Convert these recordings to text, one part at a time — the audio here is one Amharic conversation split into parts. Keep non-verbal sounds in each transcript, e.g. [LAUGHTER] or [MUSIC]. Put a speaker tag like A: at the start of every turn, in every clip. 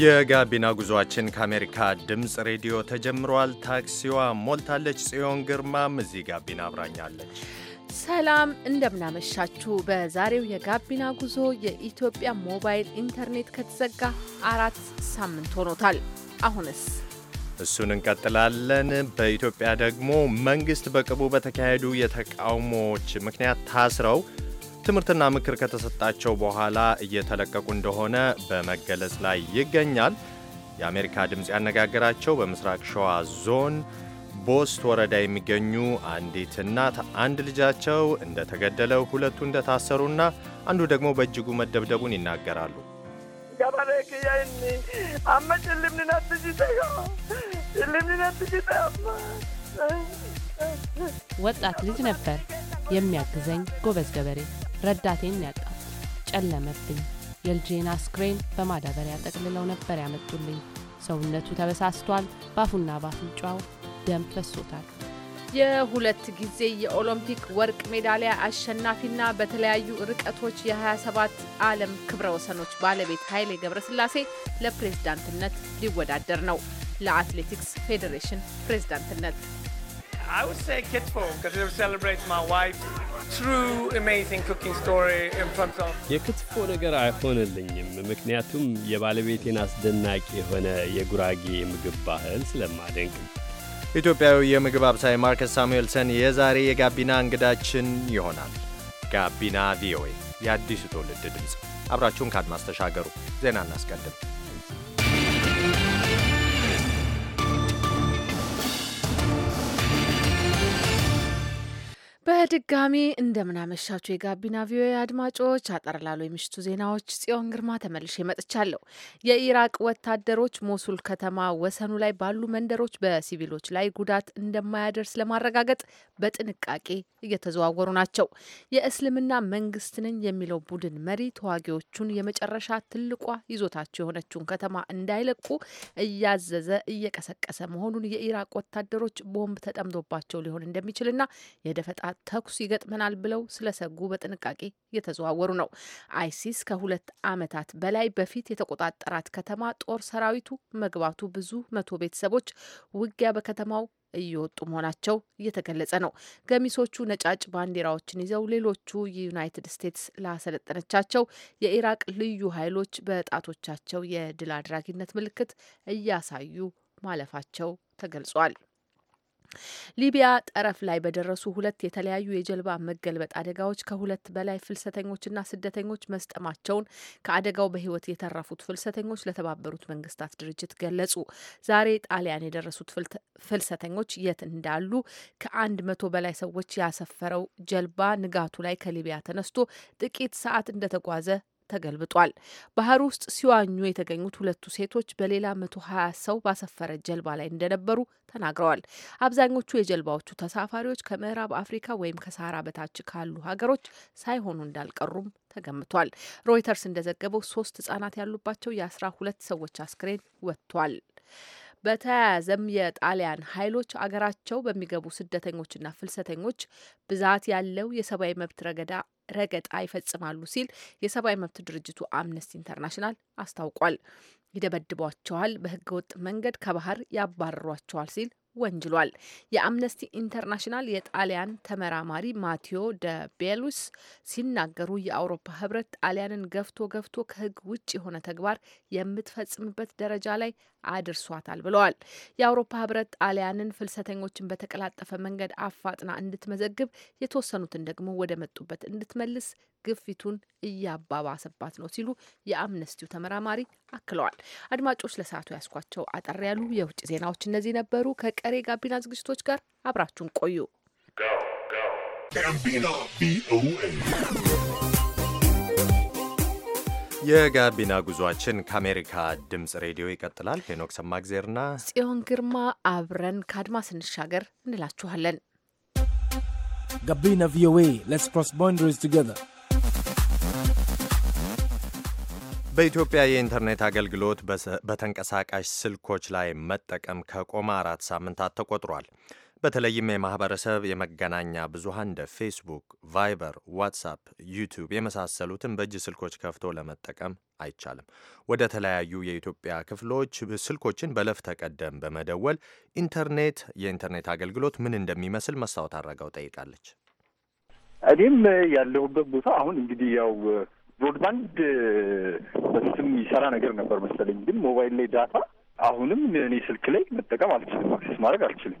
A: የጋቢና ጉዞአችን ከአሜሪካ ድምፅ ሬዲዮ ተጀምሯል። ታክሲዋ ሞልታለች። ጽዮን ግርማም እዚህ ጋቢና አብራኛለች።
B: ሰላም እንደምናመሻችሁ። በዛሬው የጋቢና ጉዞ የኢትዮጵያ ሞባይል ኢንተርኔት ከተዘጋ አራት ሳምንት ሆኖታል። አሁንስ
A: እሱን እንቀጥላለን። በኢትዮጵያ ደግሞ መንግስት በቅርቡ በተካሄዱ የተቃውሞዎች ምክንያት ታስረው ትምህርትና ምክር ከተሰጣቸው በኋላ እየተለቀቁ እንደሆነ በመገለጽ ላይ ይገኛል። የአሜሪካ ድምፅ ያነጋገራቸው በምስራቅ ሸዋ ዞን ቦስት ወረዳ የሚገኙ አንዲት እናት አንድ ልጃቸው እንደተገደለ፣ ሁለቱ እንደታሰሩና አንዱ ደግሞ በእጅጉ መደብደቡን ይናገራሉ።
C: ወጣት ልጅ ነበር የሚያግዘኝ ጎበዝ ገበሬ ረዳቴን ያጣት ጨለመብኝ። የልጄን አስክሬን በማዳበሪያ ጠቅልለው ነበር ያመጡልኝ። ሰውነቱ ተበሳስቷል። ባፉና ባፍንጫው ደም ፈሶታል።
B: የሁለት ጊዜ የኦሎምፒክ ወርቅ ሜዳሊያ አሸናፊና በተለያዩ ርቀቶች የ27 ዓለም ክብረ ወሰኖች ባለቤት ኃይሌ ገብረስላሴ ለፕሬዝዳንትነት ሊወዳደር ነው። ለአትሌቲክስ ፌዴሬሽን ፕሬዝዳንትነት
A: I would say kids' because it celebrates my wife's true amazing cooking story in front of. የክትፎ ነገር አይሆንልኝም ምክንያቱም የባለቤቴን አስደናቂ የሆነ የጉራጌ ምግብ ባህል ስለማደንቅ። ኢትዮጵያዊ የምግብ አብሳይ ማርከስ ሳሙኤልሰን የዛሬ የጋቢና እንግዳችን ይሆናል። ጋቢና ቪኦኤ የአዲሱ ትውልድ ድምፅ። አብራችሁን ካድማስ ተሻገሩ። ዜና እናስቀድም።
B: በድጋሚ እንደምናመሻችሁ የጋቢና ቪኦኤ አድማጮች፣ አጠር ላሉ የምሽቱ ዜናዎች ጽዮን ግርማ ተመልሼ መጥቻለሁ። የኢራቅ ወታደሮች ሞሱል ከተማ ወሰኑ ላይ ባሉ መንደሮች በሲቪሎች ላይ ጉዳት እንደማያደርስ ለማረጋገጥ በጥንቃቄ እየተዘዋወሩ ናቸው። የእስልምና መንግስት ነኝ የሚለው ቡድን መሪ ተዋጊዎቹን የመጨረሻ ትልቋ ይዞታቸው የሆነችውን ከተማ እንዳይለቁ እያዘዘ እየቀሰቀሰ መሆኑን የኢራቅ ወታደሮች ቦምብ ተጠምዶባቸው ሊሆን እንደሚችልና የደፈጣ ተኩስ ይገጥመናል ብለው ስለሰጉ በጥንቃቄ እየተዘዋወሩ ነው። አይሲስ ከሁለት ዓመታት በላይ በፊት የተቆጣጠራት ከተማ ጦር ሰራዊቱ መግባቱ ብዙ መቶ ቤተሰቦች ውጊያ በከተማው እየወጡ መሆናቸው እየተገለጸ ነው። ገሚሶቹ ነጫጭ ባንዲራዎችን ይዘው ሌሎቹ የዩናይትድ ስቴትስ ላሰለጠነቻቸው የኢራቅ ልዩ ኃይሎች በጣቶቻቸው የድል አድራጊነት ምልክት እያሳዩ ማለፋቸው ተገልጿል። ሊቢያ ጠረፍ ላይ በደረሱ ሁለት የተለያዩ የጀልባ መገልበጥ አደጋዎች ከሁለት በላይ ፍልሰተኞችና ስደተኞች መስጠማቸውን ከአደጋው በሕይወት የተረፉት ፍልሰተኞች ለተባበሩት መንግስታት ድርጅት ገለጹ። ዛሬ ጣሊያን የደረሱት ፍልሰተኞች የት እንዳሉ ከአንድ መቶ በላይ ሰዎች ያሰፈረው ጀልባ ንጋቱ ላይ ከሊቢያ ተነስቶ ጥቂት ሰዓት እንደተጓዘ ተገልብጧል። ባህር ውስጥ ሲዋኙ የተገኙት ሁለቱ ሴቶች በሌላ መቶ ሀያ ሰው ባሰፈረ ጀልባ ላይ እንደነበሩ ተናግረዋል። አብዛኞቹ የጀልባዎቹ ተሳፋሪዎች ከምዕራብ አፍሪካ ወይም ከሳራ በታች ካሉ ሀገሮች ሳይሆኑ እንዳልቀሩም ተገምቷል። ሮይተርስ እንደዘገበው ሶስት ህጻናት ያሉባቸው የአስራ ሁለት ሰዎች አስክሬን ወጥቷል። በተያያዘም የጣሊያን ኃይሎች አገራቸው በሚገቡ ስደተኞችና ፍልሰተኞች ብዛት ያለው የሰብአዊ መብት ረገዳ ረገጣ ይፈጽማሉ ሲል የሰብአዊ መብት ድርጅቱ አምነስቲ ኢንተርናሽናል አስታውቋል። ይደበድቧቸዋል፣ በህገወጥ መንገድ ከባህር ያባረሯቸዋል ሲል ወንጅሏል። የአምነስቲ ኢንተርናሽናል የጣሊያን ተመራማሪ ማቴዎ ደ ቤሉስ ሲናገሩ የአውሮፓ ህብረት ጣሊያንን ገፍቶ ገፍቶ ከህግ ውጭ የሆነ ተግባር የምትፈጽምበት ደረጃ ላይ አድርሷታል ብለዋል። የአውሮፓ ህብረት ጣሊያንን ፍልሰተኞችን በተቀላጠፈ መንገድ አፋጥና እንድትመዘግብ የተወሰኑትን ደግሞ ወደ መጡበት እንድትመልስ ግፊቱን እያባባሰባት ነው ሲሉ የአምነስቲው ተመራማሪ አክለዋል። አድማጮች ለሰዓቱ ያስኳቸው አጠር ያሉ የውጭ ዜናዎች እነዚህ ነበሩ። ከቀሬ ጋቢና ዝግጅቶች ጋር አብራችሁን ቆዩ።
A: የጋቢና ጉዟችን ከአሜሪካ ድምፅ ሬዲዮ ይቀጥላል። ሄኖክ ሰማግዜርና
B: ጽዮን ግርማ አብረን ከአድማ ስንሻገር እንላችኋለን።
D: ጋቢና ቪኦኤ ሌትስ ክሮስ ቦንደሪስ ቱጌዘር
A: በኢትዮጵያ የኢንተርኔት አገልግሎት በተንቀሳቃሽ ስልኮች ላይ መጠቀም ከቆመ አራት ሳምንታት ተቆጥሯል። በተለይም የማህበረሰብ የመገናኛ ብዙሃን እንደ ፌስቡክ፣ ቫይበር፣ ዋትሳፕ፣ ዩቱብ የመሳሰሉትን በእጅ ስልኮች ከፍቶ ለመጠቀም አይቻልም። ወደ ተለያዩ የኢትዮጵያ ክፍሎች ስልኮችን በለፍ ተቀደም በመደወል ኢንተርኔት የኢንተርኔት አገልግሎት ምን እንደሚመስል መስታወት አድረገው ጠይቃለች።
E: እኔም ያለሁበት ቦታ አሁን እንግዲህ ያው ብሮድባንድ በስም ይሰራ ነገር ነበር መሰለኝ፣ ግን ሞባይል ላይ ዳታ አሁንም እኔ ስልክ ላይ መጠቀም አልችልም፣ አክሴስ ማድረግ አልችልም።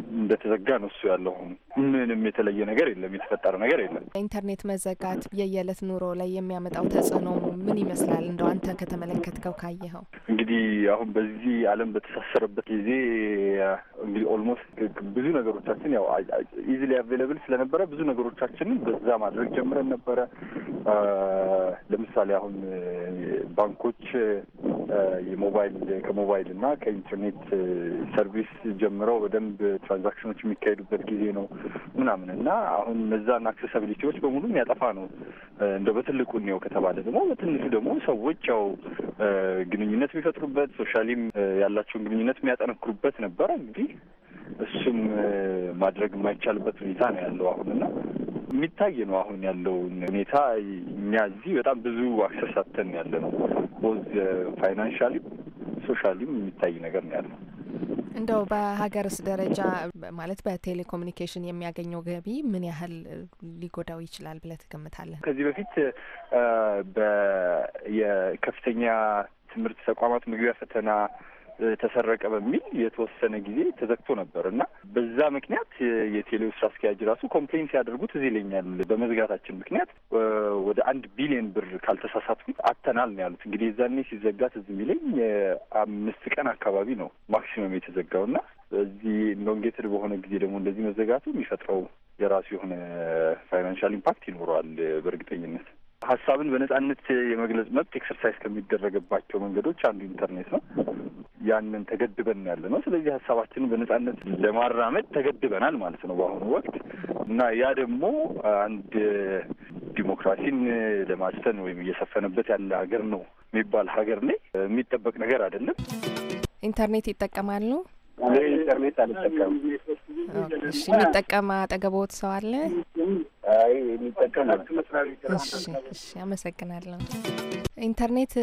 E: እንደተዘጋ ነው እሱ ያለው። ምንም የተለየ ነገር የለም፣ የተፈጠረ ነገር የለም።
F: ኢንተርኔት መዘጋት የየዕለት ኑሮ ላይ የሚያመጣው ተጽዕኖ ምን ይመስላል? እንደው አንተ ከተመለከትከው ካየኸው።
E: እንግዲህ አሁን በዚህ ዓለም በተሳሰረበት ጊዜ እንግዲህ ኦልሞስት ብዙ ነገሮቻችን ያው ኢዚሊ አቬለብል ስለነበረ ብዙ ነገሮቻችንን በዛ ማድረግ ጀምረን ነበረ። ለምሳሌ አሁን ባንኮች የሞባይል ከሞባይል እና ከኢንተርኔት ሰርቪስ ጀምረው በደንብ ትራንዛክሽኖች የሚካሄዱበት ጊዜ ነው ምናምን እና አሁን እነዛን አክሴሳቢሊቲዎች በሙሉ የሚያጠፋ ነው። እንደ በትልቁ እኔው ከተባለ ደግሞ በትንሹ ደግሞ ሰዎች ያው ግንኙነት የሚፈጥሩበት ሶሻሊም ያላቸውን ግንኙነት የሚያጠነክሩበት ነበረ። እንግዲህ እሱም ማድረግ የማይቻልበት ሁኔታ ነው ያለው አሁን እና የሚታይ ነው አሁን ያለውን ሁኔታ። እኛ እዚህ በጣም ብዙ አክሰሳተን ያለ ነው ቦዝ ፋይናንሻሊም ሶሻሊም የሚታይ ነገር ነው ያለው።
F: እንደው በሀገርስ ደረጃ ማለት በቴሌኮሙኒኬሽን የሚያገኘው ገቢ ምን ያህል ሊጎዳው ይችላል ብለህ ትገምታለህ?
E: ከዚህ በፊት በየከፍተኛ ትምህርት ተቋማት መግቢያ ፈተና ተሰረቀ በሚል የተወሰነ ጊዜ ተዘግቶ ነበር እና በዛ ምክንያት የቴሌው ስራ አስኪያጅ ራሱ ኮምፕሌን ሲያደርጉ እዚህ ይለኛል። በመዝጋታችን ምክንያት ወደ አንድ ቢሊዮን ብር ካልተሳሳትኩኝ አተናል ነው ያሉት። እንግዲህ የዛኔ ሲዘጋት ትዝ የሚለኝ አምስት ቀን አካባቢ ነው ማክሲመም የተዘጋው እና እዚህ ሎንጌትድ በሆነ ጊዜ ደግሞ እንደዚህ መዘጋቱ የሚፈጥረው የራሱ የሆነ ፋይናንሻል ኢምፓክት ይኖረዋል በእርግጠኝነት። ሀሳብን በነጻነት የመግለጽ መብት ኤክሰርሳይዝ ከሚደረግባቸው መንገዶች አንዱ ኢንተርኔት ነው። ያንን ተገድበን ያለ ነው። ስለዚህ ሀሳባችንን በነጻነት ለማራመድ ተገድበናል ማለት ነው በአሁኑ ወቅት እና ያ ደግሞ አንድ ዲሞክራሲን ለማስፈን ወይም እየሰፈነበት ያለ ሀገር ነው የሚባል ሀገር ላይ የሚጠበቅ ነገር አይደለም።
F: ኢንተርኔት ይጠቀማሉ?
E: ኢንተርኔት አልጠቀምም።
G: እሺ፣
F: የሚጠቀም አጠገቦት ሰው አለ?
G: ላይ የሚጠቀም
F: እሺ፣ አመሰግናለሁ። ኢንተርኔት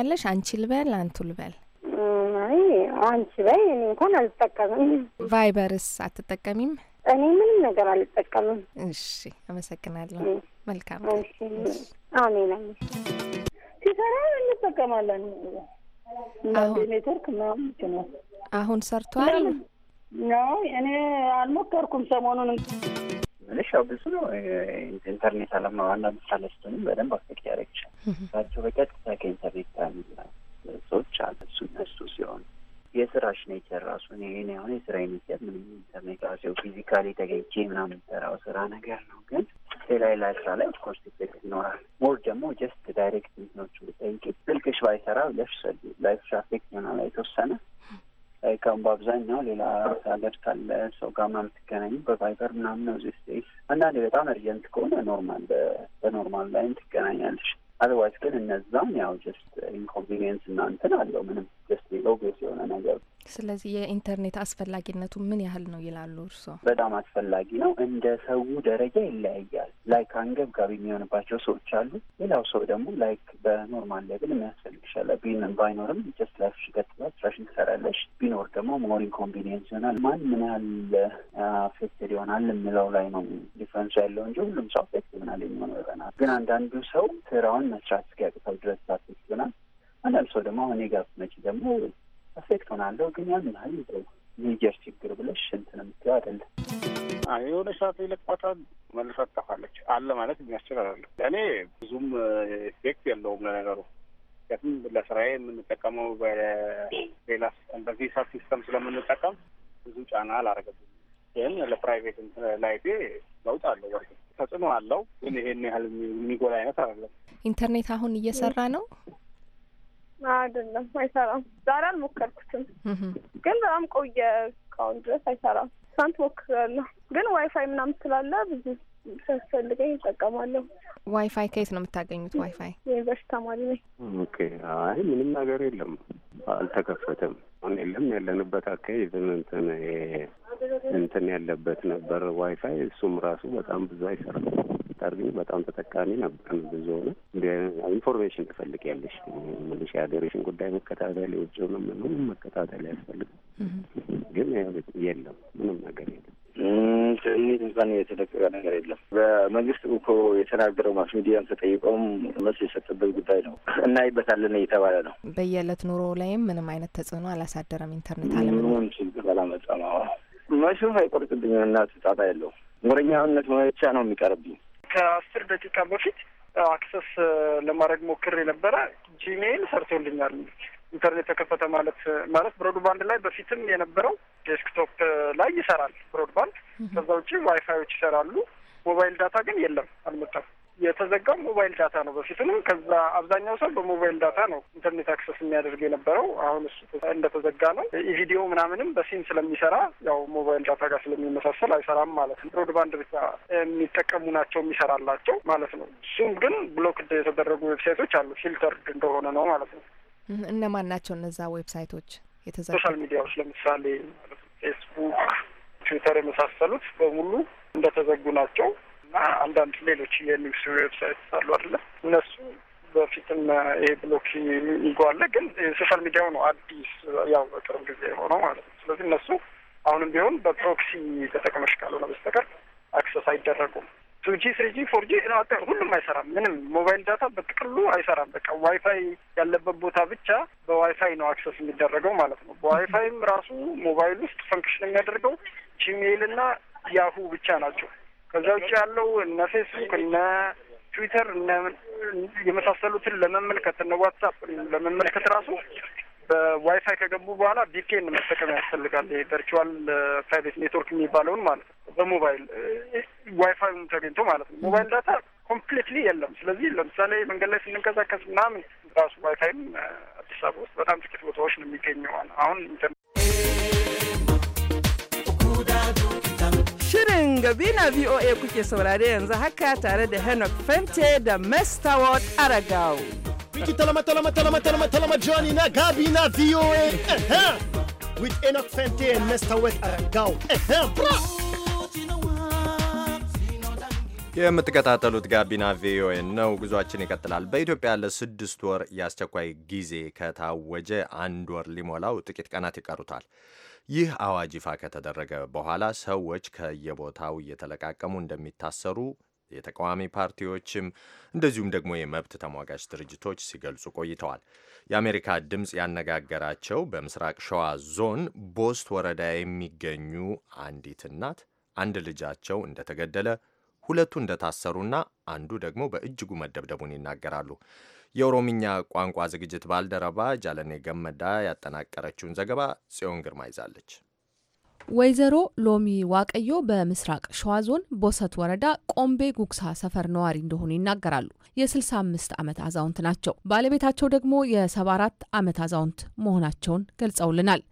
F: ያለሽ አንቺ ልበል አንቱ ልበል? አንቺ በይ፣ እኔ እንኳን አልጠቀምም። ቫይበርስ አትጠቀሚም? እኔ ምንም ነገር አልጠቀምም። እሺ፣ አመሰግናለሁ። መልካም።
G: አሜን። ሲሰራ እንጠቀማለን።
F: ኔትወርክ ምናምን ይችላል። አሁን ሰርቷል?
G: እኔ አልሞከርኩም ሰሞኑን ምልሽ ያው ብዙ ነው። ኢንተርኔት አለማ ዋና ምሳሌ ስትሆንም በደንብ አፌክት ያደረግቻል። ራዲዮ በቀጥታ ከኢንተርኔት ጋር ሰዎች አለ እሱ እነሱ ሲሆን የስራሽ ኔቸር ራሱ እኔ አሁን የስራ ኔቸር ምንም ኢንተርኔት ራሱ ፊዚካሊ ተገኝቼ ምናምን የምሰራው ስራ ነገር ነው። ግን ሌላ ላይ ስራ ላይ ኦፍኮርስ ኢፌክት ይኖራል። ሞር ደግሞ ጀስት ዳይሬክት እንትኖቹ ብጠይቂ ስልክሽ ባይሰራ ላይፍሽ አፌክት ይሆናል የተወሰነ ከም በአብዛኛው ሌላ ሀገር ካለ ሰው ጋር ምናምን የምትገናኙ በቫይበር ምናምን ነው ዚስ አንዳንዴ በጣም እርጀንት ከሆነ ኖርማል በኖርማል ላይም ትገናኛለች። አዘርዋይዝ ግን እነዛም ያው ጀስት ኢንኮንቪኒየንስ እናንትን አለው ምንም
F: ስለዚህ የኢንተርኔት አስፈላጊነቱ ምን ያህል ነው ይላሉ እርስዎ?
G: በጣም አስፈላጊ ነው። እንደ ሰው ደረጃ ይለያያል። ላይክ አንገብጋቢ የሚሆንባቸው ሰዎች አሉ። ሌላው ሰው ደግሞ ላይክ በኖርማል ሌብል የሚያስፈልግሻል ቢን ባይኖርም ጀስት ላይፍሽ ይቀጥላል፣ ስራሽን ትሰራለሽ። ቢኖር ደግሞ ሞር ኢንኮንቪኒየንስ ይሆናል። ማን ምን ያህል አፌክትድ ይሆናል የምለው ላይ ነው ዲፈረንሱ ያለው እንጂ ሁሉም ሰው አፌክት ይሆናል የሚሆነው ይሆናል። ግን አንዳንዱ ሰው ስራውን መስራት እስኪያቅተው ድረስ አፌክት ይሆናል። አንዳንድ ሰው ደግሞ አሁን የጋብ መጪ ደግሞ ፐርፌክት ሆናለሁ ግን ያን ያህል ይዘው
H: ሜጀር ችግር
G: ብለሽ እንትን የምትይው አይደለም።
H: የሆነ ሰዓት ላይ ለቋታል መልሳ ትጠፋለች አለ ማለት የሚያስችል አለ። እኔ ብዙም ኢፌክት የለውም ለነገሩ ምክንያቱም ለስራዬ የምንጠቀመው በሌላ በዚህ ሳት ሲስተም ስለምንጠቀም ብዙ ጫና አላረገብም። ግን ለፕራይቬት ላይቴ ለውጥ አለው ወይ ተጽዕኖ አለው፣ ግን ይሄን ያህል የሚጎላ አይነት አይደለም።
F: ኢንተርኔት አሁን እየሰራ ነው አይደለም፣ አይሰራም። ዛሬ አልሞከርኩትም፣
G: ግን በጣም ቆየ። እስካሁን ድረስ አይሰራም። ሳንት ሞክሬያለሁ፣ ግን ዋይፋይ ምናምን ስላለ ብዙ ሲያስፈልገኝ ይጠቀማለሁ።
F: ዋይፋይ ከየት ነው የምታገኙት? ዋይፋይ
G: የዩኒቨርስቲ ተማሪ ነኝ። ኦኬ። አይ ምንም ነገር የለም፣ አልተከፈተም። አሁን የለም። ያለንበት አካሄድ እንትን እንትን ያለበት ነበር ዋይፋይ፣ እሱም ራሱ በጣም ብዙ አይሰራም። ብታደርጊ በጣም ተጠቃሚ ነበር። ብዙ ሆነ ኢንፎርሜሽን ትፈልጊያለሽ ምልሽ የሀገሬሽን ጉዳይ መከታተል የውጭውን ምንም መከታተል ያስፈልግ፣ ግን የለም ምንም ነገር የለም።
E: ትንሽ እንኳን የተለቀቀ ነገር የለም። በመንግስት እኮ የተናገረው ማስ ሚዲያም ተጠይቀውም መልስ የሰጠበት ጉዳይ ነው። እናይበታለን እየተባለ ነው።
F: በየዕለት ኑሮ ላይም ምንም አይነት ተጽዕኖ አላሳደረም። ኢንተርኔት
E: አለምንም ችግር አላመጣም። መሹም አይቆርጥብኝም እና ትጣጣ ያለው ወረኛነት መቻ ነው የሚቀርብኝ
H: ከአስር ደቂቃ በፊት አክሰስ ለማድረግ ሞክሬ ነበረ። ጂሜይል ሰርቶልኛል። ኢንተርኔት ተከፈተ ማለት ማለት ብሮድባንድ ላይ በፊትም የነበረው ዴስክቶፕ ላይ ይሰራል ብሮድባንድ። ከዛ ውጭ ዋይፋዮች ይሰራሉ። ሞባይል ዳታ ግን የለም፣ አልመጣም። የተዘጋው ሞባይል ዳታ ነው። በፊትም ከዛ አብዛኛው ሰው በሞባይል ዳታ ነው ኢንተርኔት አክሰስ የሚያደርግ የነበረው። አሁን እሱ እንደተዘጋ ነው። ኢቪዲዮ ምናምንም በሲም ስለሚሰራ ያው ሞባይል ዳታ ጋር ስለሚመሳሰል አይሰራም ማለት ነው። ብሮድባንድ ብቻ የሚጠቀሙ ናቸው የሚሰራላቸው ማለት ነው። እሱም ግን ብሎክድ የተደረጉ ዌብሳይቶች አሉ። ፊልተርድ እንደሆነ ነው ማለት ነው።
F: እነማን ናቸው እነዛ ዌብሳይቶች? የተዘ ሶሻል
H: ሚዲያዎች ለምሳሌ ፌስቡክ፣ ትዊተር የመሳሰሉት በሙሉ እንደተዘጉ ናቸው። እና አንዳንድ ሌሎች የኒውስ ዌብሳይት አሉ አይደለ? እነሱ በፊትም ይሄ ብሎክ ይጓለ ግን ሶሻል ሚዲያው ነው አዲስ ያው በቅርብ ጊዜ የሆነው ማለት ነው። ስለዚህ እነሱ አሁንም ቢሆን በፕሮክሲ ተጠቅመሽ ካልሆነ በስተቀር አክሰስ አይደረጉም። ቱጂ፣ ስሪጂ፣ ፎርጂ ሁሉም አይሰራም። ምንም ሞባይል ዳታ በጥቅሉ አይሰራም። በቃ ዋይፋይ ያለበት ቦታ ብቻ በዋይፋይ ነው አክሰስ የሚደረገው ማለት ነው። በዋይፋይም ራሱ ሞባይል ውስጥ ፈንክሽን የሚያደርገው ጂሜይል እና ያሁ ብቻ ናቸው። ከዛ ውጭ ያለው እነ ፌስቡክ እነ ትዊተር እነ የመሳሰሉትን ለመመልከት እነ ዋትሳፕ ለመመልከት ራሱ በዋይፋይ ከገቡ በኋላ ቪፒኤን መጠቀም ያስፈልጋል። ቨርቹዋል ፕራይቬት ኔትወርክ የሚባለውን ማለት ነው። በሞባይል ዋይፋይ ተገኝቶ ማለት ነው። ሞባይል ዳታ ኮምፕሊትሊ የለም። ስለዚህ ለምሳሌ መንገድ ላይ ስንንቀሳቀስ ምናምን ራሱ ዋይፋይም አዲስ አበባ ውስጥ በጣም ጥቂት ቦታዎች ነው የሚገኘዋል። አሁን ኢንተርኔት Shirin gabi na VOA
I: kuke
D: saurare yanzu haka tare da Henok Fente da Ward Aragao. Wiki talama talama talama talama talama Johnny na gabi na VOA. With
H: Henok Fente and Ward Aragao.
A: የምትከታተሉት ጋቢና ቪኦኤ ነው። ጉዟችን ይቀጥላል። በኢትዮጵያ ለስድስት ወር የአስቸኳይ ጊዜ ከታወጀ አንድ ወር ሊሞላው ጥቂት ቀናት ይቀሩታል። ይህ አዋጅ ይፋ ከተደረገ በኋላ ሰዎች ከየቦታው እየተለቃቀሙ እንደሚታሰሩ የተቃዋሚ ፓርቲዎችም እንደዚሁም ደግሞ የመብት ተሟጋች ድርጅቶች ሲገልጹ ቆይተዋል። የአሜሪካ ድምፅ ያነጋገራቸው በምስራቅ ሸዋ ዞን ቦስት ወረዳ የሚገኙ አንዲት እናት አንድ ልጃቸው እንደተገደለ፣ ሁለቱ እንደታሰሩና አንዱ ደግሞ በእጅጉ መደብደቡን ይናገራሉ። የኦሮምኛ ቋንቋ ዝግጅት ባልደረባ ጃለኔ ገመዳ ያጠናቀረችውን ዘገባ ጽዮን ግርማ ይዛለች።
B: ወይዘሮ ሎሚ ዋቀዮ በምስራቅ ሸዋ ዞን ቦሰት ወረዳ ቆምቤ ጉግሳ ሰፈር ነዋሪ እንደሆኑ ይናገራሉ። የ65 ዓመት አዛውንት ናቸው። ባለቤታቸው ደግሞ የ74 ዓመት አዛውንት መሆናቸውን ገልጸውልናል።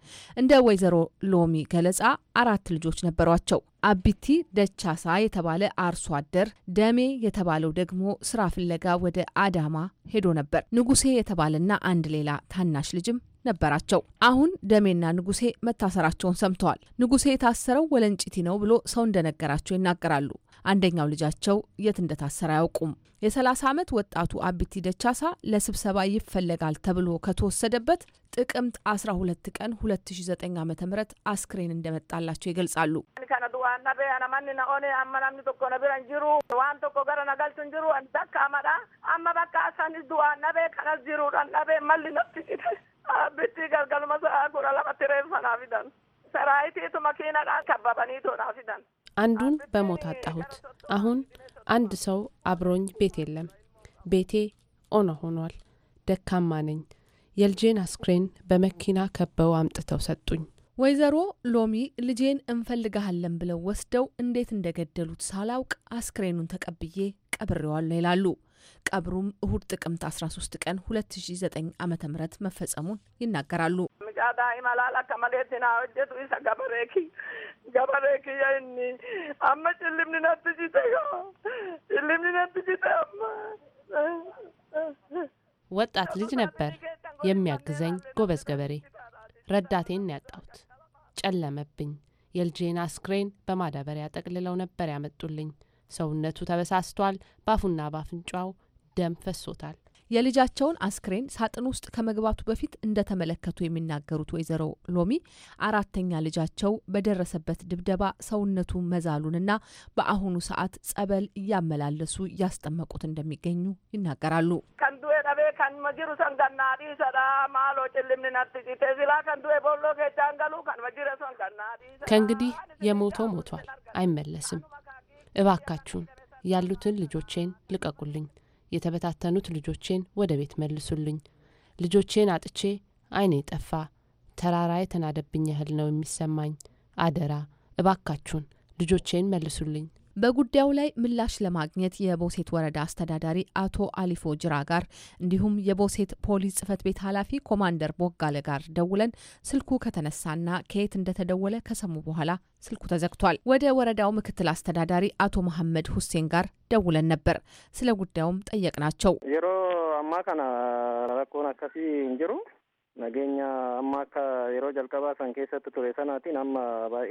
B: እንደ ወይዘሮ ሎሚ ገለጻ አራት ልጆች ነበሯቸው። አቢቲ ደቻሳ የተባለ አርሶ አደር፣ ደሜ የተባለው ደግሞ ስራ ፍለጋ ወደ አዳማ ሄዶ ነበር። ንጉሴ የተባለና አንድ ሌላ ታናሽ ልጅም ነበራቸው። አሁን ደሜና ንጉሴ መታሰራቸውን ሰምተዋል። ንጉሴ የታሰረው ወለንጭቲ ነው ብሎ ሰው እንደነገራቸው ይናገራሉ። አንደኛው ልጃቸው የት እንደታሰረ አያውቁም። የ30 ዓመት ወጣቱ አቢቲ ደቻሳ ለስብሰባ ይፈለጋል ተብሎ ከተወሰደበት ጥቅምት 12 ቀን 2009 ዓ ም አስክሬን እንደመጣላቸው ይገልጻሉ።
D: abbitti galgaluma kudha lama sanaa fidan
C: አንዱን በሞት አጣሁት። አሁን አንድ ሰው አብሮኝ ቤት የለም። ቤቴ ኦነ ሆኗል። ደካማ ነኝ። የልጄን አስክሬን በመኪና ከበው አምጥተው ሰጡኝ።
B: ወይዘሮ ሎሚ ልጄን እንፈልግሃለን ብለው ወስደው እንዴት እንደገደሉት ሳላውቅ አስክሬኑን ተቀብዬ ቀብሬዋለሁ ይላሉ። ቀብሩም እሁድ ጥቅምት 13 ቀን 2009 ዓ ም መፈጸሙን ይናገራሉ።
C: ወጣት ልጅ ነበር የሚያግዘኝ ጎበዝ ገበሬ። ረዳቴን ያጣሁት ጨለመብኝ። የልጄን አስክሬን በማዳበሪያ ጠቅልለው ነበር ያመጡልኝ። ሰውነቱ ተበሳስቷል። ባፉና ባፍንጫው ደም ፈሶታል።
B: የልጃቸውን አስክሬን ሳጥን ውስጥ ከመግባቱ በፊት እንደተመለከቱ የሚናገሩት ወይዘሮ ሎሚ አራተኛ ልጃቸው በደረሰበት ድብደባ ሰውነቱ መዛሉንና በአሁኑ ሰዓት ጸበል እያመላለሱ እያስጠመቁት እንደሚገኙ ይናገራሉ።
C: ከእንግዲህ የሞቶ ሞቷል፣ አይመለስም። እባካችሁን ያሉትን ልጆቼን ልቀቁልኝ የተበታተኑት ልጆቼን ወደ ቤት መልሱልኝ። ልጆቼን አጥቼ ዓይኔ ጠፋ። ተራራ የተናደብኝ ያህል ነው የሚሰማኝ። አደራ እባካችሁን ልጆቼን መልሱልኝ።
B: በጉዳዩ ላይ ምላሽ ለማግኘት የቦሴት ወረዳ አስተዳዳሪ አቶ አሊፎ ጅራ ጋር እንዲሁም የቦሴት ፖሊስ ጽህፈት ቤት ኃላፊ ኮማንደር ቦጋለ ጋር ደውለን ስልኩ ከተነሳና ከየት እንደተደወለ ከሰሙ በኋላ ስልኩ ተዘግቷል። ወደ ወረዳው ምክትል አስተዳዳሪ አቶ መሐመድ ሁሴን ጋር ደውለን ነበር። ስለ ጉዳዩም ጠየቅናቸው።
H: የሮ አማካና ረኮን አካፊ እንጅሩ ነገኛ አማካ የሮ ጀልቀባ ሰንኬሰት ቱሬ ሰናቲን አማ ባኤ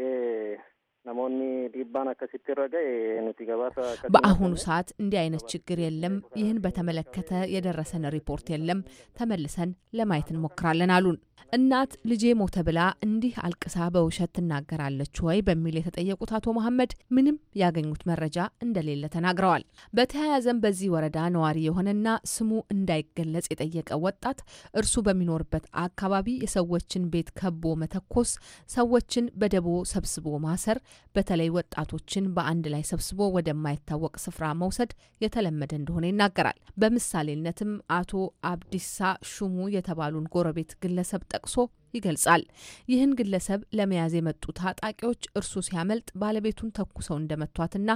H: በአሁኑ
B: ሰዓት እንዲህ አይነት ችግር የለም። ይህን በተመለከተ የደረሰን ሪፖርት የለም። ተመልሰን ለማየት እንሞክራለን አሉን። እናት ልጄ ሞተ ብላ እንዲህ አልቅሳ በውሸት ትናገራለች ወይ በሚል የተጠየቁት አቶ መሐመድ ምንም ያገኙት መረጃ እንደሌለ ተናግረዋል። በተያያዘም በዚህ ወረዳ ነዋሪ የሆነና ስሙ እንዳይገለጽ የጠየቀ ወጣት እርሱ በሚኖርበት አካባቢ የሰዎችን ቤት ከቦ መተኮስ፣ ሰዎችን በደቦ ሰብስቦ ማሰር በተለይ ወጣቶችን በአንድ ላይ ሰብስቦ ወደማይታወቅ ስፍራ መውሰድ የተለመደ እንደሆነ ይናገራል። በምሳሌነትም አቶ አብዲሳ ሹሙ የተባሉን ጎረቤት ግለሰብ ጠቅሶ ይገልጻል። ይህን ግለሰብ ለመያዝ የመጡ ታጣቂዎች እርሱ ሲያመልጥ ባለቤቱን ተኩሰው እንደመቷትና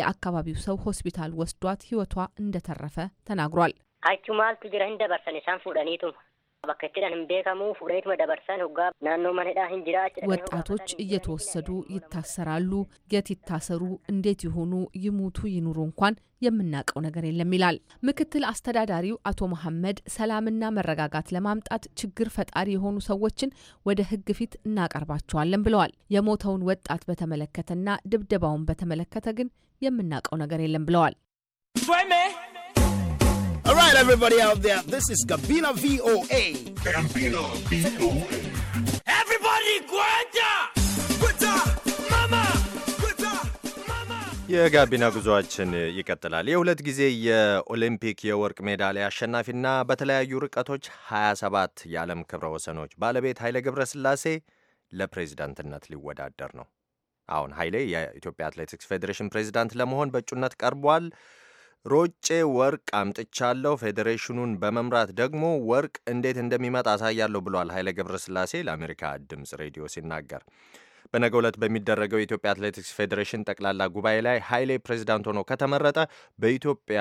B: የአካባቢው ሰው ሆስፒታል ወስዷት ሕይወቷ እንደተረፈ ተናግሯል።
H: አቹማልቱ ጅራ እንደ በርሰኔ bakka beekamu dabarsan hoggaa naannoo hin ወጣቶች
B: እየተወሰዱ ይታሰራሉ። የት ይታሰሩ፣ እንዴት ይሆኑ፣ ይሙቱ ይኑሩ እንኳን የምናውቀው ነገር የለም ይላል ምክትል አስተዳዳሪው አቶ መሐመድ። ሰላምና መረጋጋት ለማምጣት ችግር ፈጣሪ የሆኑ ሰዎችን ወደ ህግ ፊት እናቀርባቸዋለን ብለዋል። የሞተውን ወጣት በተመለከተና ድብደባውን በተመለከተ ግን የምናውቀው ነገር የለም ብለዋል።
D: right, everybody out there, this is Gabina VOA. Gabina VOA. Everybody, Guanta!
G: Guanta! Mama!
A: የጋቢና ጉዞአችን ይቀጥላል። የሁለት ጊዜ የኦሊምፒክ የወርቅ ሜዳሊያ አሸናፊና በተለያዩ ርቀቶች 27 የዓለም ክብረ ወሰኖች ባለቤት ኃይሌ ገብረስላሴ ለፕሬዝዳንትነት ሊወዳደር ነው። አሁን ኃይሌ የኢትዮጵያ አትሌቲክስ ፌዴሬሽን ፕሬዝዳንት ለመሆን በእጩነት ቀርቧል። ሮጬ ወርቅ አምጥቻለሁ፣ ፌዴሬሽኑን በመምራት ደግሞ ወርቅ እንዴት እንደሚመጣ አሳያለሁ ብሏል ኃይሌ ገብረስላሴ ለአሜሪካ ድምፅ ሬዲዮ ሲናገር። በነገው ዕለት በሚደረገው የኢትዮጵያ አትሌቲክስ ፌዴሬሽን ጠቅላላ ጉባኤ ላይ ኃይሌ ፕሬዚዳንት ሆኖ ከተመረጠ በኢትዮጵያ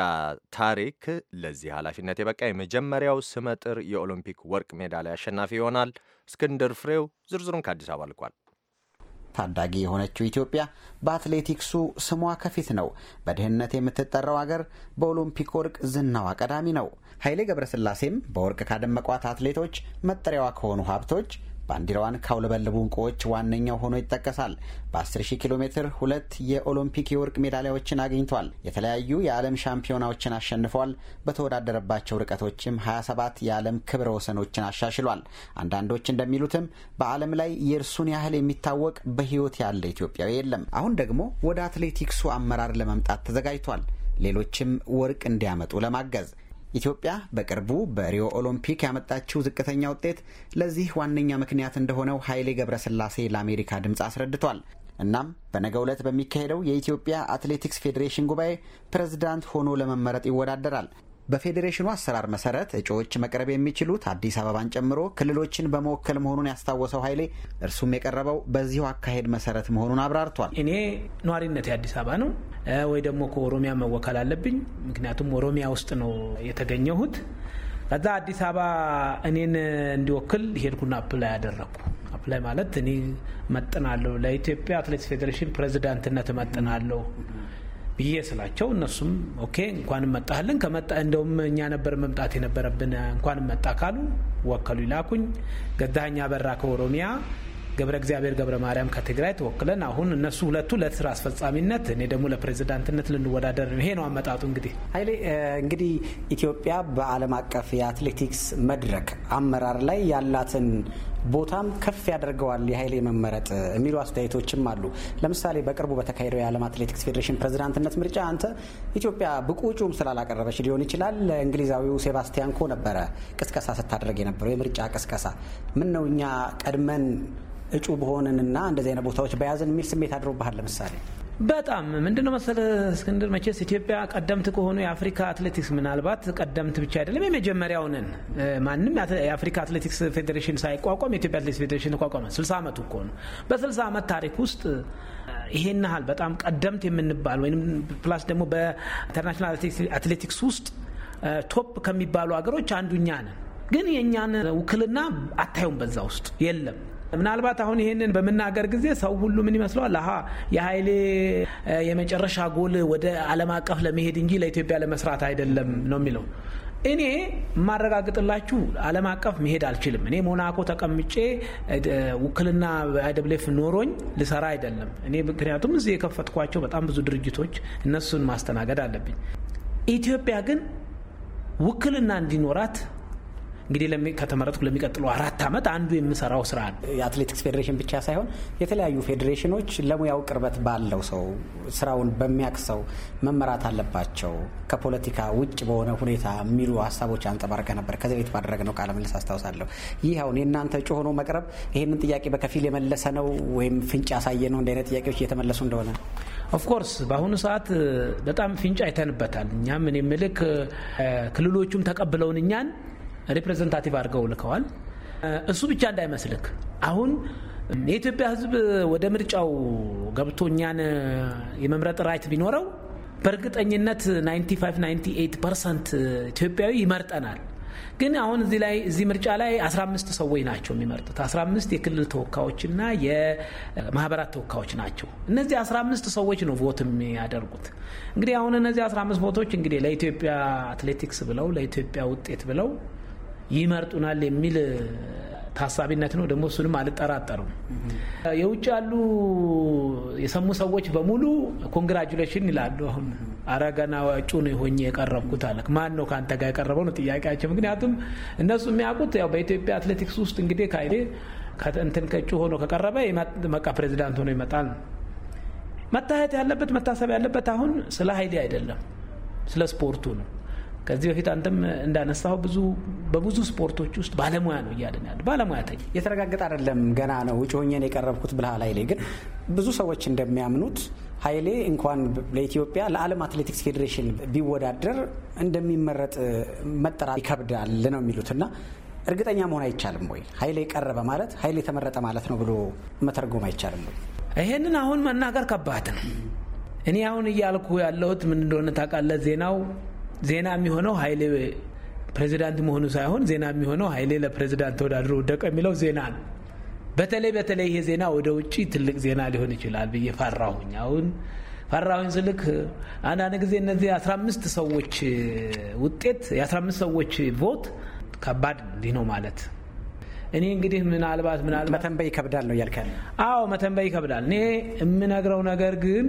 A: ታሪክ ለዚህ ኃላፊነት የበቃ የመጀመሪያው ስመጥር የኦሎምፒክ ወርቅ ሜዳሊያ አሸናፊ ይሆናል። እስክንድር ፍሬው ዝርዝሩን ከአዲስ አበባ ልኳል።
J: ታዳጊ የሆነችው ኢትዮጵያ በአትሌቲክሱ ስሟ ከፊት ነው። በድህነት የምትጠራው አገር በኦሎምፒክ ወርቅ ዝናዋ ቀዳሚ ነው። ኃይሌ ገብረስላሴም በወርቅ ካደመቋት አትሌቶች መጠሪያዋ ከሆኑ ሀብቶች ባንዲራዋን ካውለበለቡ እንቁዎች ዋነኛው ሆኖ ይጠቀሳል። በ10,000 ኪሎ ሜትር ሁለት የኦሎምፒክ የወርቅ ሜዳሊያዎችን አግኝቷል። የተለያዩ የዓለም ሻምፒዮናዎችን አሸንፏል። በተወዳደረባቸው ርቀቶችም 27 የዓለም ክብረ ወሰኖችን አሻሽሏል። አንዳንዶች እንደሚሉትም በዓለም ላይ የእርሱን ያህል የሚታወቅ በሕይወት ያለ ኢትዮጵያዊ የለም። አሁን ደግሞ ወደ አትሌቲክሱ አመራር ለመምጣት ተዘጋጅቷል። ሌሎችም ወርቅ እንዲያመጡ ለማገዝ ኢትዮጵያ በቅርቡ በሪዮ ኦሎምፒክ ያመጣችው ዝቅተኛ ውጤት ለዚህ ዋነኛ ምክንያት እንደሆነው ኃይሌ ገብረስላሴ ለአሜሪካ ድምፅ አስረድቷል። እናም በነገው ዕለት በሚካሄደው የኢትዮጵያ አትሌቲክስ ፌዴሬሽን ጉባኤ ፕሬዝዳንት ሆኖ ለመመረጥ ይወዳደራል። በፌዴሬሽኑ አሰራር መሰረት እጩዎች መቅረብ የሚችሉት አዲስ አበባን ጨምሮ ክልሎችን በመወከል መሆኑን ያስታወሰው ኃይሌ እርሱም የቀረበው በዚሁ አካሄድ መሰረት መሆኑን አብራርቷል። እኔ
D: ነዋሪነት የአዲስ አበባ ነው ወይ ደግሞ ከኦሮሚያ መወከል አለብኝ፣ ምክንያቱም ኦሮሚያ ውስጥ ነው የተገኘሁት። ከዛ አዲስ አበባ እኔን እንዲወክል ሄድኩና አፕላይ አደረግኩ። አፕላይ ማለት እኔ መጥናለሁ፣ ለኢትዮጵያ አትሌቲክስ ፌዴሬሽን ፕሬዚዳንትነት መጥናለሁ ብዬ ስላቸው እነሱም ኦኬ እንኳን መጣህልን ከመጣ እንደውም እኛ ነበር መምጣት የነበረብን እንኳን መጣ ካሉ ወከሉ ይላኩኝ ገዛኸኝ በራ ከኦሮሚያ ገብረ እግዚአብሔር ገብረ ማርያም ከትግራይ ተወክለን አሁን እነሱ ሁለቱ ለስራ አስፈጻሚነት እኔ ደግሞ ለፕሬዚዳንትነት ልንወዳደር ነው። ይሄ ነው አመጣጡ። እንግዲህ
K: ኃይሌ እንግዲህ ኢትዮጵያ በዓለም አቀፍ የአትሌቲክስ መድረክ አመራር ላይ ያላትን ቦታም ከፍ ያደርገዋል የኃይሌ መመረጥ የሚሉ አስተያየቶችም አሉ። ለምሳሌ በቅርቡ በተካሄደው የዓለም አትሌቲክስ ፌዴሬሽን ፕሬዚዳንትነት ምርጫ አንተ ኢትዮጵያ ብቁ እጩም ስላላቀረበች ሊሆን ይችላል ለእንግሊዛዊው ሴባስቲያን ኮ ነበረ ቅስቀሳ ስታደርግ የነበረው የምርጫ ቅስቀሳ ምን ነው እኛ ቀድመን እጩ በሆንንና እንደዚህ አይነት ቦታዎች በያዝን የሚል ስሜት አድሮባሃል? ለምሳሌ
D: በጣም ምንድነው መሰለ እስክንድር፣ መቼስ ኢትዮጵያ ቀደምት ከሆኑ የአፍሪካ አትሌቲክስ ምናልባት ቀደምት ብቻ አይደለም የመጀመሪያው ነን። ማንም የአፍሪካ አትሌቲክስ ፌዴሬሽን ሳይቋቋም የኢትዮጵያ አትሌቲክስ ፌዴሬሽን ተቋቋመ። ስልሳ ዓመቱ እኮ ነው። በስልሳ ዓመት ታሪክ ውስጥ ይሄን ያህል በጣም ቀደምት የምንባል ወይም ፕላስ ደግሞ በኢንተርናሽናል አትሌቲክስ ውስጥ ቶፕ ከሚባሉ ሀገሮች አንዱኛ ነን። ግን የእኛን ውክልና አታዩም፣ በዛ ውስጥ የለም። ምናልባት አሁን ይሄንን በምናገር ጊዜ ሰው ሁሉ ምን ይመስለዋል? አሀ የሀይሌ የመጨረሻ ጎል ወደ ዓለም አቀፍ ለመሄድ እንጂ ለኢትዮጵያ ለመስራት አይደለም ነው የሚለው። እኔ የማረጋግጥላችሁ ዓለም አቀፍ መሄድ አልችልም። እኔ ሞናኮ ተቀምጬ ውክልና አይደብሌፍ ኖሮኝ ልሰራ አይደለም እኔ ምክንያቱም እዚህ የከፈትኳቸው በጣም ብዙ ድርጅቶች እነሱን ማስተናገድ አለብኝ። ኢትዮጵያ ግን ውክልና እንዲኖራት እንግዲህ ከተመረጥኩ ለሚቀጥሉ አራት ዓመት አንዱ የምሰራው ስራ ነው። የአትሌቲክስ ፌዴሬሽን ብቻ ሳይሆን
K: የተለያዩ ፌዴሬሽኖች ለሙያው ቅርበት ባለው ሰው ስራውን በሚያቅ ሰው መመራት አለባቸው ከፖለቲካ ውጭ በሆነ ሁኔታ የሚሉ ሀሳቦች አንጸባርቀ ነበር። ከዚህ ቤት ነው ቃለ መልስ አስታውሳለሁ። ይህ አሁን የእናንተ እጩ ሆኖ መቅረብ ይህንን ጥያቄ በከፊል የመለሰ ነው ወይም ፍንጭ ያሳየ ነው እንደ አይነት ጥያቄዎች እየተመለሱ እንደሆነ
D: ኦፍኮርስ በአሁኑ ሰዓት በጣም ፍንጭ አይተንበታል። እኛም እኔ ምልክ ክልሎቹም ተቀብለውን እኛን ሪፕሬዘንታቲቭ አድርገው ልከዋል። እሱ ብቻ እንዳይመስልክ አሁን የኢትዮጵያ ሕዝብ ወደ ምርጫው ገብቶ እኛን የመምረጥ ራይት ቢኖረው በእርግጠኝነት 95-98 ፐርሰንት ኢትዮጵያዊ ይመርጠናል። ግን አሁን እዚህ ላይ እዚህ ምርጫ ላይ 15 ሰዎች ናቸው የሚመርጡት። 15 የክልል ተወካዮችና የማህበራት ተወካዮች ናቸው። እነዚህ 15 ሰዎች ነው ቮት የሚያደርጉት። እንግዲህ አሁን እነዚህ 15 ቦቶች እንግዲህ ለኢትዮጵያ አትሌቲክስ ብለው ለኢትዮጵያ ውጤት ብለው ይመርጡናል የሚል ታሳቢነት ነው። ደግሞ እሱንም አልጠራጠርም። የውጭ ያሉ የሰሙ ሰዎች በሙሉ ኮንግራጁሌሽን ይላሉ። አሁን አረገና እጩ ነው የቀረብኩት አለ። ማን ነው ከአንተ ጋር የቀረበው ነው ጥያቄያቸው። ምክንያቱም እነሱ የሚያውቁት ያው በኢትዮጵያ አትሌቲክስ ውስጥ እንግዲህ ካይዴ ከእንትን ከእጩ ሆኖ ከቀረበ መቃ ፕሬዚዳንት ሆኖ ይመጣል። መታየት ያለበት መታሰብ ያለበት አሁን ስለ ሀይሌ አይደለም፣ ስለ ስፖርቱ ነው። ከዚህ በፊት አንተም እንዳነሳው ብዙ በብዙ ስፖርቶች ውስጥ ባለሙያ ነው እያለን ያለ ባለሙያተኛ የተረጋገጠ አይደለም ገና ነው ውጭ ሆኜን የቀረብኩት
K: ብልሃል ኃይሌ ግን ብዙ ሰዎች እንደሚያምኑት ኃይሌ እንኳን ለኢትዮጵያ ለዓለም አትሌቲክስ ፌዴሬሽን ቢወዳደር እንደሚመረጥ መጠራት ይከብዳል ነው የሚሉት እርግጠኛ መሆን አይቻልም ወይ? ኃይሌ ቀረበ ማለት ኃይሌ ተመረጠ ማለት ነው ብሎ መተርጎም አይቻልም ወይ?
D: ይሄንን አሁን መናገር ከባድ ነው። እኔ አሁን እያልኩ ያለሁት ምን እንደሆነ ታውቃለህ? ዜናው ዜና የሚሆነው ሀይሌ ፕሬዚዳንት መሆኑ ሳይሆን ዜና የሚሆነው ኃይሌ ለፕሬዚዳንት ተወዳድሮ ወደቀ የሚለው ዜና ነው። በተለይ በተለይ ይሄ ዜና ወደ ውጭ ትልቅ ዜና ሊሆን ይችላል ብዬ ፈራሁኝ። አሁን ፈራሁኝ ስልክ አንዳንድ ጊዜ እነዚህ የአስራ አምስት ሰዎች ውጤት የአስራ አምስት ሰዎች ቮት ከባድ እንዲህ ነው ማለት እኔ እንግዲህ ምናልባት ምናልባት መተንበይ ይከብዳል ነው እያልከ? አዎ መተንበይ ይከብዳል። እኔ የምነግረው ነገር ግን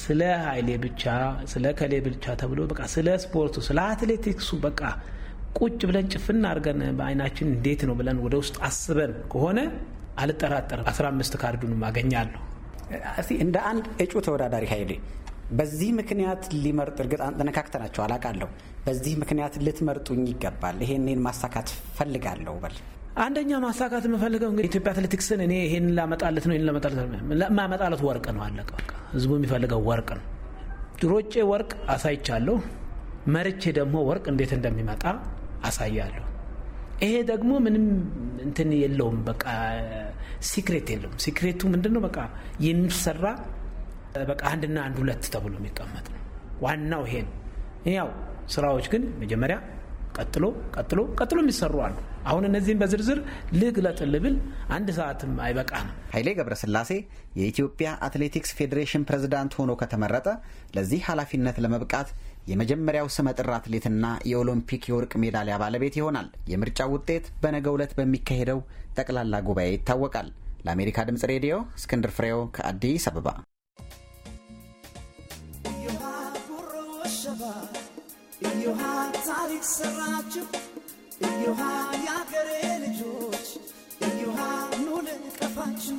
D: ስለ ሀይሌ ብቻ ስለ ከሌ ብቻ ተብሎ በቃ ስለ ስፖርቱ ስለ አትሌቲክሱ በቃ ቁጭ ብለን ጭፍና አድርገን በአይናችን እንዴት ነው ብለን ወደ ውስጥ አስበን ከሆነ አልጠራጠርም 15 ካርዱን አገኛለሁ። እንደ አንድ እጩ ተወዳዳሪ ሀይሌ በዚህ ምክንያት
K: ሊመርጥ እርግጥ ነካክተናቸው አላቃለሁ። በዚህ ምክንያት ልትመርጡኝ ይገባል፣ ይሄንን ማሳካት
D: ፈልጋለሁ በል አንደኛ ማሳካት የምፈልገው እንግዲህ ኢትዮጵያ አትሌቲክስን እኔ ይሄን ላመጣለት ነው ማመጣለት ወርቅ ነው አለቀ። ህዝቡ የሚፈልገው ወርቅ ነው። ሮጬ ወርቅ አሳይቻለሁ። መርቼ ደግሞ ወርቅ እንዴት እንደሚመጣ አሳያለሁ። ይሄ ደግሞ ምንም እንትን የለውም፣ በቃ ሲክሬት የለውም። ሲክሬቱ ምንድን ነው? በቃ የሚሰራ በቃ አንድና አንድ ሁለት ተብሎ የሚቀመጥ ነው። ዋናው ይሄ ነው። ያው ስራዎች ግን መጀመሪያ ቀጥሎ ቀጥሎ ቀጥሎ የሚሰሩ
J: አሉ። አሁን እነዚህም በዝርዝር ልግለጥል ብል አንድ ሰዓትም አይበቃም። ኃይሌ ገብረስላሴ የኢትዮጵያ አትሌቲክስ ፌዴሬሽን ፕሬዝዳንት ሆኖ ከተመረጠ ለዚህ ኃላፊነት ለመብቃት የመጀመሪያው ስመጥር አትሌትና የኦሎምፒክ የወርቅ ሜዳሊያ ባለቤት ይሆናል። የምርጫው ውጤት በነገው ዕለት በሚካሄደው ጠቅላላ ጉባኤ ይታወቃል። ለአሜሪካ ድምፅ ሬዲዮ እስክንድር ፍሬው ከአዲስ አበባ
I: እዮሃ ታሪክ ሰራችሁ እዮሃ የአገሬ ልጆች እዮሃ ኑ ልቀፋችሁ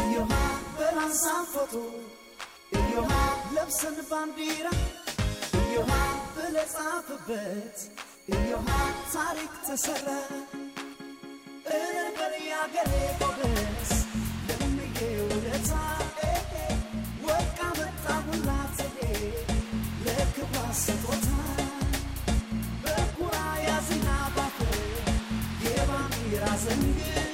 I: እዮሃ በራንሳን ፎቶ እዮሃ ለብሰን ባንዲራ እዮሃ ብለጻፍበት እዮሃ ታሪክ ተሰራ እነበር የአገሬ ጎበዝ ለምዬ ውለታ 身边。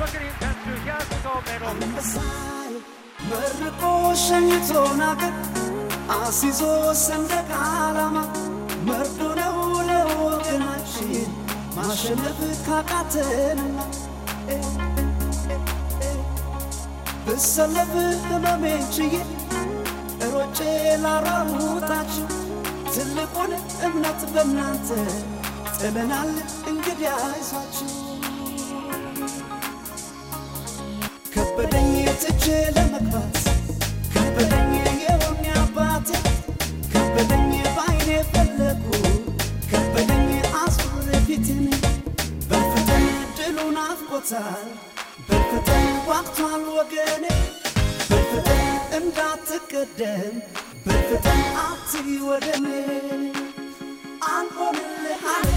I: ፍቅር መርቆ ሸኝቶ ናገር አስይዞ ሰንደቅ ዓላማ መርዶ ነው ለወገናችን ማሸነፍ ካቃተንና ብሰለፍ ህመሜ ችዬ ሮጬ ላራውጣችን ትልቁን እምነት በእናንተ ጥለናል እንግዲያ አይዟችን ትቼ ለመግባት ከበደኝ የሆኔ አባቴ ከበደኝ በአይኔ ፈለጉ ከበደኝ አዙር ፊትን በፍጥን ድሉ ናፍቆታል በፍጥን ዋቅቷል ወገኔ በፍጥን እንዳትቀደም በፍጥን አትይ ወደኔ አንሆንልሃል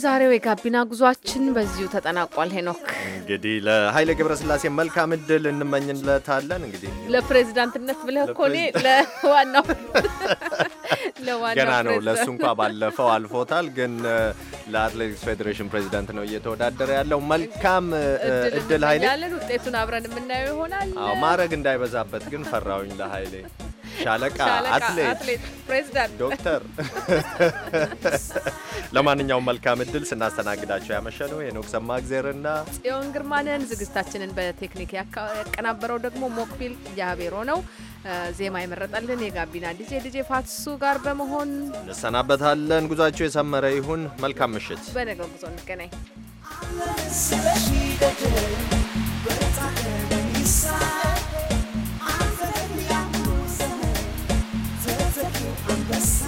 B: የዛሬው የጋቢና ጉዟችን በዚሁ ተጠናቋል። ሄኖክ
A: እንግዲህ ለኃይሌ ገብረስላሴ መልካም እድል እንመኝለታለን። እንግዲህ
B: ለፕሬዚዳንትነት ብለህ እኮ እኔ [LAUGHS] ለዋናው ገና ነው። ለእሱ እንኳ
A: ባለፈው አልፎታል፣ ግን ለአትሌቲክስ ፌዴሬሽን ፕሬዚዳንት ነው እየተወዳደረ ያለው። መልካም እድል ኃይሌ።
B: ውጤቱን አብረን የምናየው ይሆናል። ማድረግ
A: እንዳይበዛበት ግን ፈራውኝ ለኃይሌ ሻለቃ፣ አትሌት፣ ፕሬዚዳንት፣ ዶክተር። [LAUGHS] ለማንኛውም መልካም እድል። ስናስተናግዳቸው ያመሸነው ሰማ እግዜርና
B: ጽዮን ግርማንን፣ ዝግጅታችንን በቴክኒክ ያቀናበረው ደግሞ ሞክቢል ያቤሮ ነው። ዜማ የመረጠልን የጋቢና ዲጄ ዲጄ ፋትሱ ጋር በመሆን
A: እንሰናበታለን። ጉዟቸው የሰመረ ይሁን። መልካም ምሽት።
I: በነገው ጉዞ እንገናኝ። Yes.